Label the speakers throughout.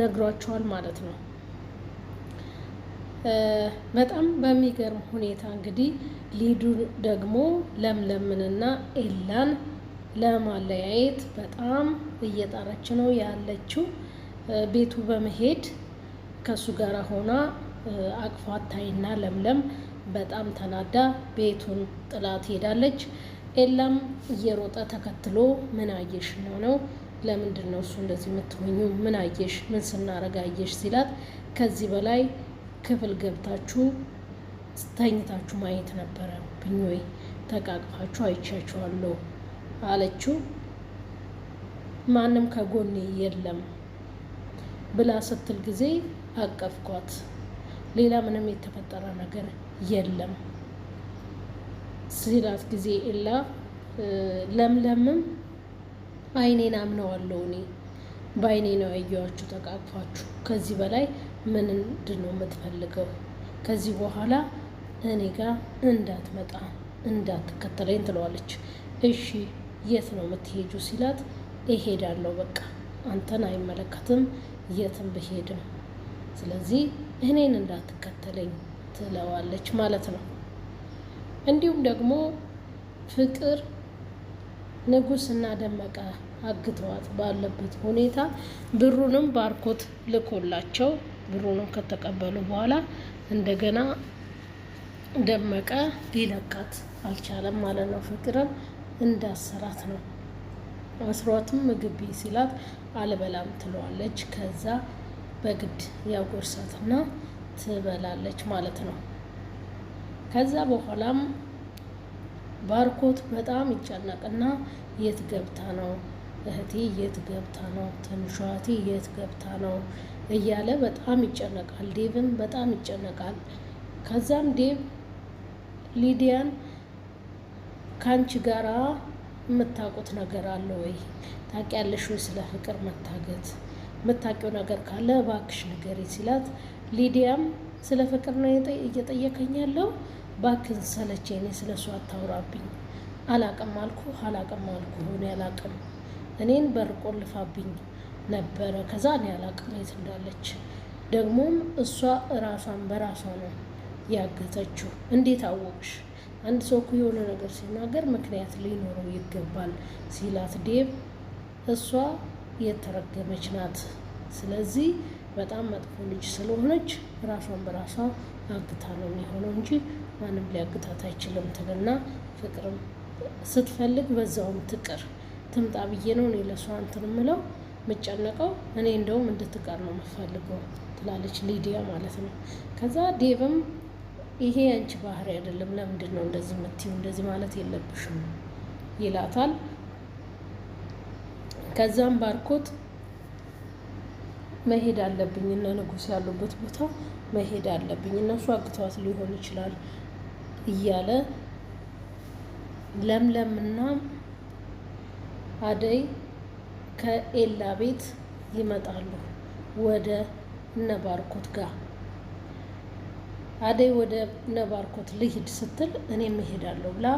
Speaker 1: ነግሯቸዋል ማለት ነው። በጣም በሚገርም ሁኔታ እንግዲህ ሊዱ ደግሞ ለምለምንና ኤላን ለማለያየት በጣም እየጣረች ነው ያለችው። ቤቱ በመሄድ ከሱ ጋር ሆና አቅፏታይና ለምለም በጣም ተናዳ ቤቱን ጥላት ሄዳለች። ኤላም እየሮጠ ተከትሎ ምን አየሽ ነው ነው ለምንድን ነው እሱ እንደዚህ የምትሆኙ? ምን አየሽ? ምን ስናረግ አየሽ? ሲላት ከዚህ በላይ ክፍል ገብታችሁ ተኝታችሁ ማየት ነበረ ብኝ ተቃቅፋችሁ አይቻችኋለሁ አለችው። ማንም ከጎኔ የለም ብላ ስትል ጊዜ አቀፍኳት። ሌላ ምንም የተፈጠረ ነገር የለም ሲላት ጊዜ ላ ለምለምም አይኔን አምነዋለሁ እኔ በአይኔ ነው ያየኋችሁ ተቃቅፋችሁ። ከዚህ በላይ ምንድን ነው የምትፈልገው? ከዚህ በኋላ እኔ ጋር እንዳትመጣ እንዳትከተለኝ ትለዋለች። እሺ የት ነው የምትሄጁ ሲላት እሄዳለሁ በቃ አንተን አይመለከትም የትም ብሄድም፣ ስለዚህ እኔን እንዳትከተለኝ ትለዋለች ማለት ነው። እንዲሁም ደግሞ ፍቅር ንጉስ እና ደመቀ አግተዋት ባለበት ሁኔታ ብሩንም ባርኮት ልኮላቸው ብሩንም ከተቀበሉ በኋላ እንደገና ደመቀ ሊለቃት አልቻለም ማለት ነው። ፍቅርን እንዳሰራት ነው። አስሯትም ምግብ ሲላት አልበላም ትለዋለች። ከዛ በግድ ያጎርሳትና ትበላለች ማለት ነው። ከዛ በኋላም ባርኮት በጣም ይጨነቅና የት ገብታ ነው እህቴ የት ገብታ ነው? ትንሿ እህቴ የት ገብታ ነው? እያለ በጣም ይጨነቃል። ዴቭም በጣም ይጨነቃል። ከዛም ዴቭ ሊዲያን ከአንቺ ጋራ የምታውቁት ነገር አለ ወይ? ታውቂያለሽ ወይ ስለ ፍቅር መታገት የምታውቂው ነገር ካለ እባክሽ ንገሪ ሲላት፣ ሊዲያም ስለ ፍቅር ነው እየጠየቀኝ ያለው ባክን ሰለቼ፣ እኔ ስለ እሱ አታውራብኝ። አላቅም አልኩ አላቅም አልኩ ሆኔ አላቅም እኔን በር ቆልፋብኝ ነበረ። ከዛ እኔ አላቅም የት እንዳለች። ደግሞም እሷ እራሷን በራሷ ነው ያገተችው። እንዴት አወቅሽ? አንድ ሰው እኮ የሆነ ነገር ሲናገር ምክንያት ሊኖረው ይገባል ሲላት ዴብ እሷ የተረገመች ናት፣ ስለዚህ በጣም መጥፎ ልጅ ስለሆነች ራሷን በራሷ አግታ ነው የሚሆነው እንጂ ማንም ሊያግታት አይችልም ትልና ፍቅርም ስትፈልግ በዛውም ትቅር ትምጣ ብዬ ነው እኔ ለእሷ እንትን የምለው የምጨነቀው። እኔ እንደውም እንድትቀር ነው የምፈልገው ትላለች ሊዲያ ማለት ነው። ከዛ ዴቭም ይሄ አንቺ ባህሪ አይደለም፣ ለምንድን ነው እንደዚህ የምትይው? እንደዚህ ማለት የለብሽም ይላታል። ከዛም ባርኮት መሄድ አለብኝ እነ ንጉስ ያሉበት ቦታ መሄድ አለብኝ፣ እነሱ አግተዋት ሊሆን ይችላል እያለ ለምለምና አደይ ከኤላ ቤት ይመጣሉ ወደ ነባርኮት ጋር። አደይ ወደ ነባርኮት ልሂድ ስትል እኔም እሄዳለሁ ብላ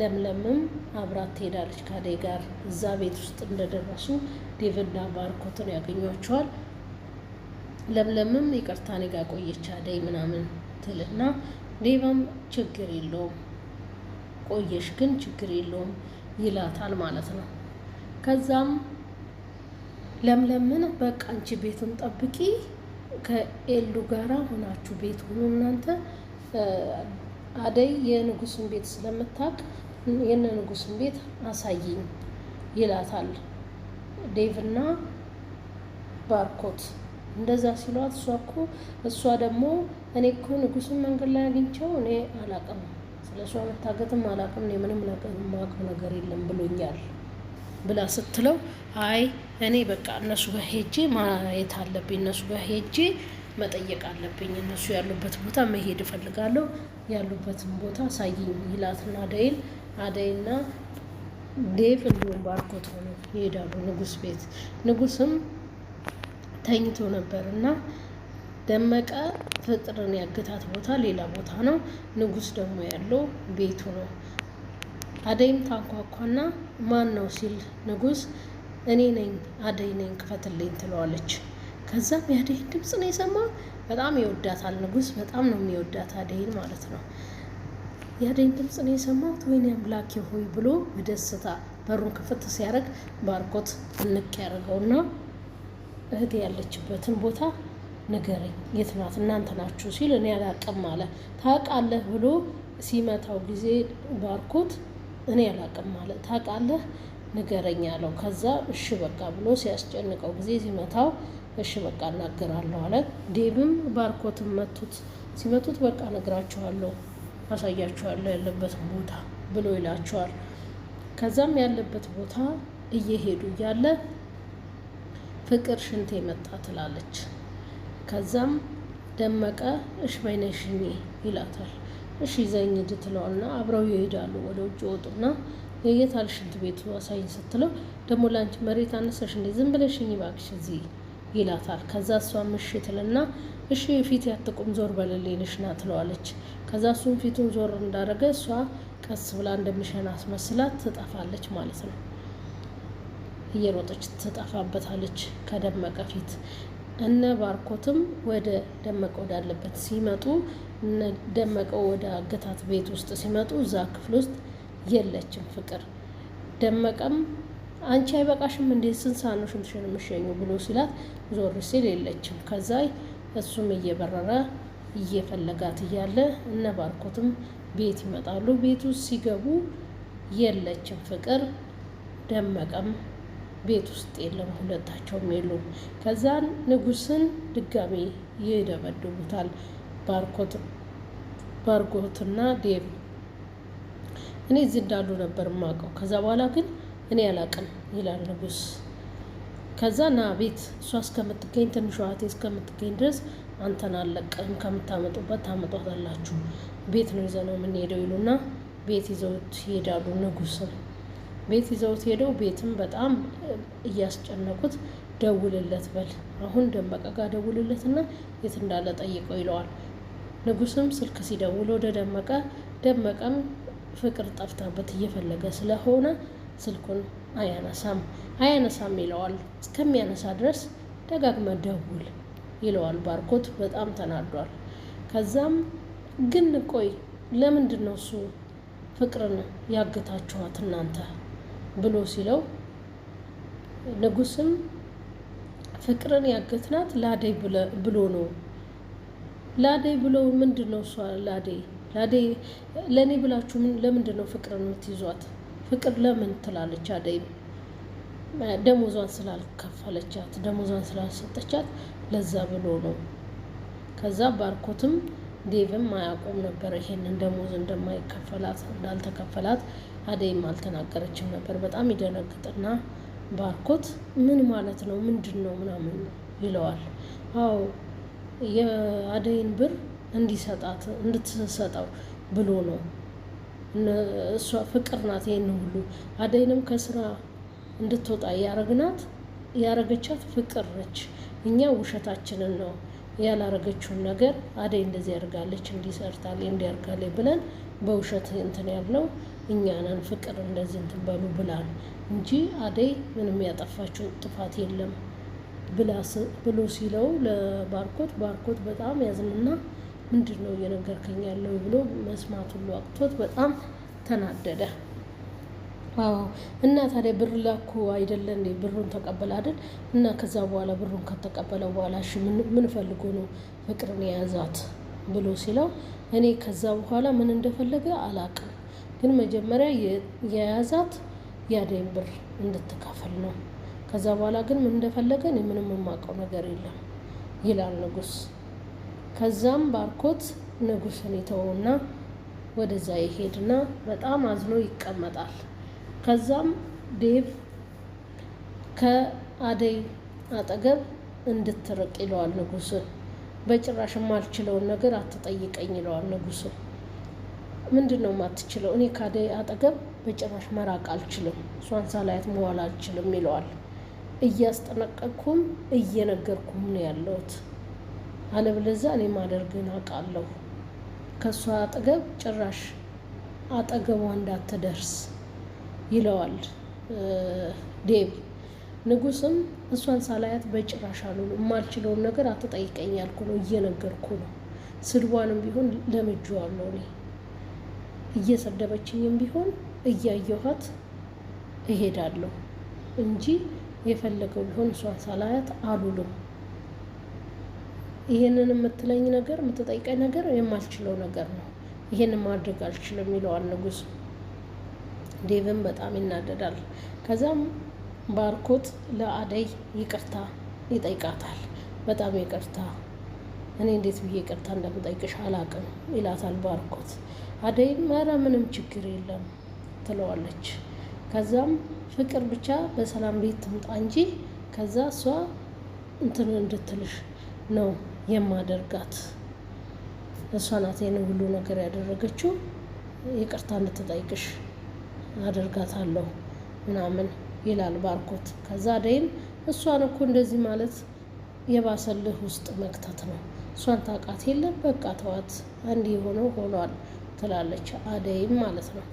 Speaker 1: ለምለምም አብራት ትሄዳለች ከአደይ ጋር። እዛ ቤት ውስጥ እንደደረሱ ዴቭና ባርኮትን ያገኟቸዋል። ለምለምም ይቅርታ እኔ ጋ ቆየች አደይ ምናምን ትልና ዴቫም ችግር የለውም ቆየሽ ግን ችግር የለውም ይላታል ማለት ነው። ከዛም ለምለምን በቃ አንቺ ቤቱን ጠብቂ ከኤሉ ጋራ ሆናችሁ ቤት ሁኑ እናንተ አደይ የንጉሱን ቤት ስለምታውቅ የነ ንጉሱን ቤት አሳይኝ ይላታል ዴቭና ባርኮት እንደዛ ሲሏት እሷ እኮ እሷ ደግሞ እኔ እኮ ንጉሱን መንገድ ላይ አግኝቸው እኔ አላቅም ስለ እሷ መታገትም አላቅም ምንም ነገር የማውቀው ነገር የለም ብሎኛል ብላ ስትለው አይ እኔ በቃ እነሱ ጋር ሄጄ ማየት አለብኝ፣ እነሱ ጋር ሄጄ መጠየቅ አለብኝ፣ እነሱ ያሉበት ቦታ መሄድ እፈልጋለሁ፣ ያሉበትን ቦታ ሳይኝ ይላትና አደይን አደይና ዴቭ እንዲሁም ባርኮት ሆኖ ይሄዳሉ ንጉስ ቤት። ንጉስም ተኝቶ ነበር እና ደመቀ ፍጥርን ያገታት ቦታ ሌላ ቦታ ነው፣ ንጉስ ደግሞ ያለው ቤቱ ነው። አደይም ታንኳኳና ማን ነው ሲል ንጉስ እኔ ነኝ አደይ ነኝ ክፈትልኝ ትለዋለች። ከዛም የአደይን ድምፅ ነው የሰማ። በጣም ይወዳታል ንጉስ፣ በጣም ነው የሚወዳት አደይን ማለት ነው። የአደይን ድምፅ ነው የሰማሁት፣ ወይኔ አምላኬ ሆይ ብሎ በደስታ በሩን ክፍት ሲያደርግ ባርኮት እንቅ ያደርገውና እህቴ ያለችበትን ቦታ ንገረኝ፣ የት ናት? እናንተ ናችሁ ሲል እኔ አላቅም አለ። ታውቃለህ ብሎ ሲመታው ጊዜ ባርኮት እኔ አላቅም ማለት ታውቃለህ ንገረኝ አለው። ከዛ እሺ በቃ ብሎ ሲያስጨንቀው ጊዜ ሲመታው እሺ በቃ እናገራለሁ አለ። ዴብም ባርኮትም መቱት። ሲመቱት በቃ ነግራችኋለሁ፣ አሳያችኋለሁ ያለበት ቦታ ብሎ ይላቸዋል። ከዛም ያለበት ቦታ እየሄዱ እያለ ፍቅር ሽንቴ መጣ ትላለች። ከዛም ደመቀ እሽ በይነሽኝ ይላታል። እሺ ይዘኝ ሂድ ትለዋልና አብረው ይሄዳሉ። ወደ ውጭ ወጡና የየት አለ ሽንት ቤቱ አሳይኝ ስትለው ደግሞ ላንቺ መሬት አነሳሽ እንዴ ዝም ብለሽኝ እባክሽ እዚህ ይላታል። ከዛ እሷ እሺ ትልና እሺ ፊት ያትቁም ዞር በለሌልሽ ና ትለዋለች። ከዛ እሱም ፊቱን ዞር እንዳደረገ እሷ ቀስ ብላ እንደሚሸን አስመስላት ትጠፋለች ማለት ነው። እየሮጠች ትጠፋበታለች ከደመቀ ፊት። እነ ባርኮትም ወደ ደመቀ ወዳለበት ሲመጡ ደመቀው ወደ አገታት ቤት ውስጥ ሲመጡ እዛ ክፍል ውስጥ የለችም ፍቅር። ደመቀም አንቺ አይበቃሽም እንዴ ስንት ነው ሽንትሽን የምትሸኙ ብሎ ሲላት ዞር ሲል የለችም። ከዛ እሱም እየበረረ እየፈለጋት እያለ እነ ባርኮትም ቤት ይመጣሉ። ቤት ውስጥ ሲገቡ የለችም ፍቅር። ደመቀም ቤት ውስጥ የለም፣ ሁለታቸውም የሉም። ከዛን ንጉስን ድጋሜ ይደበድቡታል። ባርኮትና ዴቪ እኔ እዚህ እንዳሉ ነበር የማውቀው። ከዛ በኋላ ግን እኔ አላውቅም ይላል ንጉስ። ከዛ ና ቤት እሷ እስከምትገኝ ትንሽ ዋቴ እስከምትገኝ ድረስ አንተን አለቀም ከምታመጡበት ታመጧታላችሁ። ቤት ነው ይዘነው የምንሄደው ይሉና ቤት ይዘውት ይሄዳሉ። ንጉስም ቤት ይዘውት ሄደው ቤትም በጣም እያስጨነቁት ደውልለት በል አሁን ደመቀ ጋር ደውልለትና የት እንዳለ ጠይቀው ይለዋል። ንጉስም ስልክ ሲደውል ወደ ደመቀ ደመቀም ፍቅር ጠፍታበት እየፈለገ ስለሆነ ስልኩን አያነሳም። አያነሳም ይለዋል። እስከሚያነሳ ድረስ ደጋግመ ደውል ይለዋል። ባርኮት በጣም ተናዷል። ከዛም ግን ቆይ ለምንድን ነው እሱ ፍቅርን ያገታችኋት እናንተ ብሎ ሲለው ንጉስም ፍቅርን ያገትናት ላደይ ብሎ ነው ላዴ ብሎ ምንድን ነው እሷ ላዴ ላዴ ለእኔ ብላችሁ ለምንድን ነው ፍቅርን የምትይዟት? ፍቅር ለምን ትላለች አደይ ደሞዟን ስላልከፈለቻት ደሞዟን ስላልሰጠቻት ለዛ ብሎ ነው። ከዛ ባርኮትም ዴቭም አያውቁም ነበር ይሄንን ደሞዝ እንደማይከፈላት እንዳልተከፈላት አደይም አልተናገረችም ነበር። በጣም ይደነግጥና ባርኮት ምን ማለት ነው ምንድን ነው ምናምን ይለዋል። አዎ የአደይን ብር እንዲሰጣት እንድትሰጠው ብሎ ነው። እሷ ፍቅር ናት። ይህን ሁሉ አደይንም ከስራ እንድትወጣ ያረግናት ያረገቻት ፍቅር ነች። እኛ ውሸታችንን ነው ያላረገችውን ነገር አደይ እንደዚህ ያርጋለች እንዲሰርታል እንዲያርጋለ ብለን በውሸት እንትን ያልነው እኛንን ፍቅር እንደዚህ እንትን በሉ ብላል እንጂ አደይ ምንም ያጠፋችው ጥፋት የለም። ብሎ ሲለው ለባርኮት ባርኮት በጣም ያዝንና ምንድን ነው እየነገርከኝ ያለው ብሎ መስማት ሁሉ አቅቶት በጣም ተናደደ። አዎ እና ታዲያ ብር ላኩ አይደለ እንዴ? ብሩን ተቀበለ አይደል? እና ከዛ በኋላ ብሩን ከተቀበለ በኋላ እሺ ምን ፈልጎ ነው ፍቅርን የያዛት ብሎ ሲለው እኔ ከዛ በኋላ ምን እንደፈለገ አላቅም፣ ግን መጀመሪያ የያዛት ያደኝ ብር እንድትካፈል ነው ከዛ በኋላ ግን ምን እንደፈለገ እኔ ምንም የማውቀው ነገር የለም ይላል ንጉስ። ከዛም ባርኮት ንጉስን ይተውና ወደዛ ይሄድና በጣም አዝኖ ይቀመጣል። ከዛም ዴቭ ከአደይ አጠገብ እንድትርቅ ይለዋል ንጉስን። በጭራሽ የማልችለውን ነገር አትጠይቀኝ ይለዋል ንጉስ ምንድን ነው የማትችለው? እኔ ከአደይ አጠገብ በጭራሽ መራቅ አልችልም፣ እሷን ሳላያት መዋል አልችልም ይለዋል። እያስጠነቀቅኩም እየነገርኩም ነው ያለሁት። አለብለዛ እኔ ማደርግን አውቃለሁ። ከእሷ አጠገብ ጭራሽ አጠገቧ እንዳትደርስ ይለዋል ዴቪ ንጉስም እሷን ሳላያት በጭራሽ አሉ የማልችለውን ነገር አትጠይቀኝ ያልኩ ነው፣ እየነገርኩ ነው። ስድቧንም ቢሆን ለምጄዋለሁ። እኔ እየሰደበችኝም ቢሆን እያየኋት እሄዳለሁ እንጂ የፈለገው ቢሆን እሷን ሳላያት አሉልም። ይህንን የምትለኝ ነገር የምትጠይቀኝ ነገር የማልችለው ነገር ነው። ይህን ማድረግ አልችልም ይለዋል ንጉስ። ዴቭን በጣም ይናደዳል። ከዛም ባርኮት ለአደይ ይቅርታ ይጠይቃታል። በጣም ይቅርታ እኔ እንዴት ብዬ ይቅርታ እንደምጠይቅሽ አላቅም ይላታል ባርኮት። አደይም ኧረ ምንም ችግር የለም ትለዋለች። ከዛም ፍቅር ብቻ በሰላም ቤት ትምጣ እንጂ ከዛ እሷ እንትን እንድትልሽ ነው የማደርጋት። እሷ ናት ይህን ሁሉ ነገር ያደረገችው፣ ይቅርታ እንድትጠይቅሽ አደርጋታለሁ ምናምን ይላል ባርኮት። ከዛ አደይም እሷን እኮ እንደዚህ ማለት የባሰልህ ውስጥ መክተት ነው። እሷን ታውቃት የለም በቃ ተዋት፣ አንድ የሆነው ሆኗል ትላለች አደይም ማለት ነው።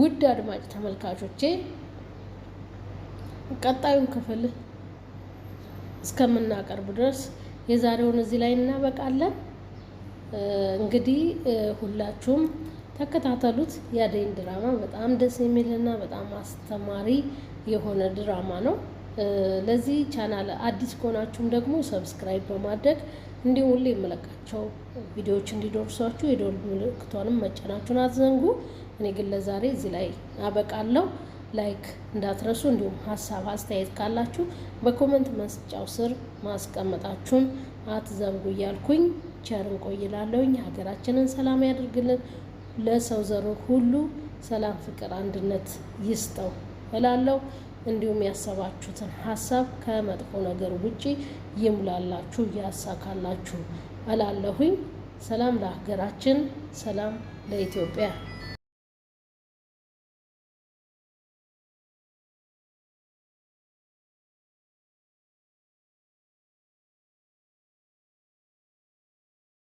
Speaker 1: ውድ አድማጭ ተመልካቾቼ ቀጣዩን ክፍል እስከምናቀርብ ድረስ የዛሬውን እዚህ ላይ እናበቃለን። እንግዲህ ሁላችሁም ተከታተሉት። የአደይን ድራማ በጣም ደስ የሚልና በጣም አስተማሪ የሆነ ድራማ ነው። ለዚህ ቻናል አዲስ ከሆናችሁም ደግሞ ሰብስክራይብ በማድረግ እንዲ ሁሌ የምለቃቸው ቪዲዮዎች እንዲደርሷችሁ የደወል ምልክቷንም መጫናችሁን አትዘንጉ። እኔ ግን ለዛሬ እዚህ ላይ አበቃለሁ። ላይክ እንዳትረሱ፣ እንዲሁም ሀሳብ አስተያየት ካላችሁ በኮመንት መስጫው ስር ማስቀመጣችሁን አትዘንጉ እያልኩኝ ቸርን ቆይላለሁኝ። ሀገራችንን ሰላም ያደርግልን። ለሰው ዘሮ ሁሉ ሰላም፣ ፍቅር፣ አንድነት ይስጠው እላለሁ። እንዲሁም ያሰባችሁትን ሀሳብ ከመጥፎ ነገር ውጪ ይሙላላችሁ፣ ያሳካላችሁ እላለሁኝ። ሰላም ለሀገራችን፣ ሰላም ለኢትዮጵያ።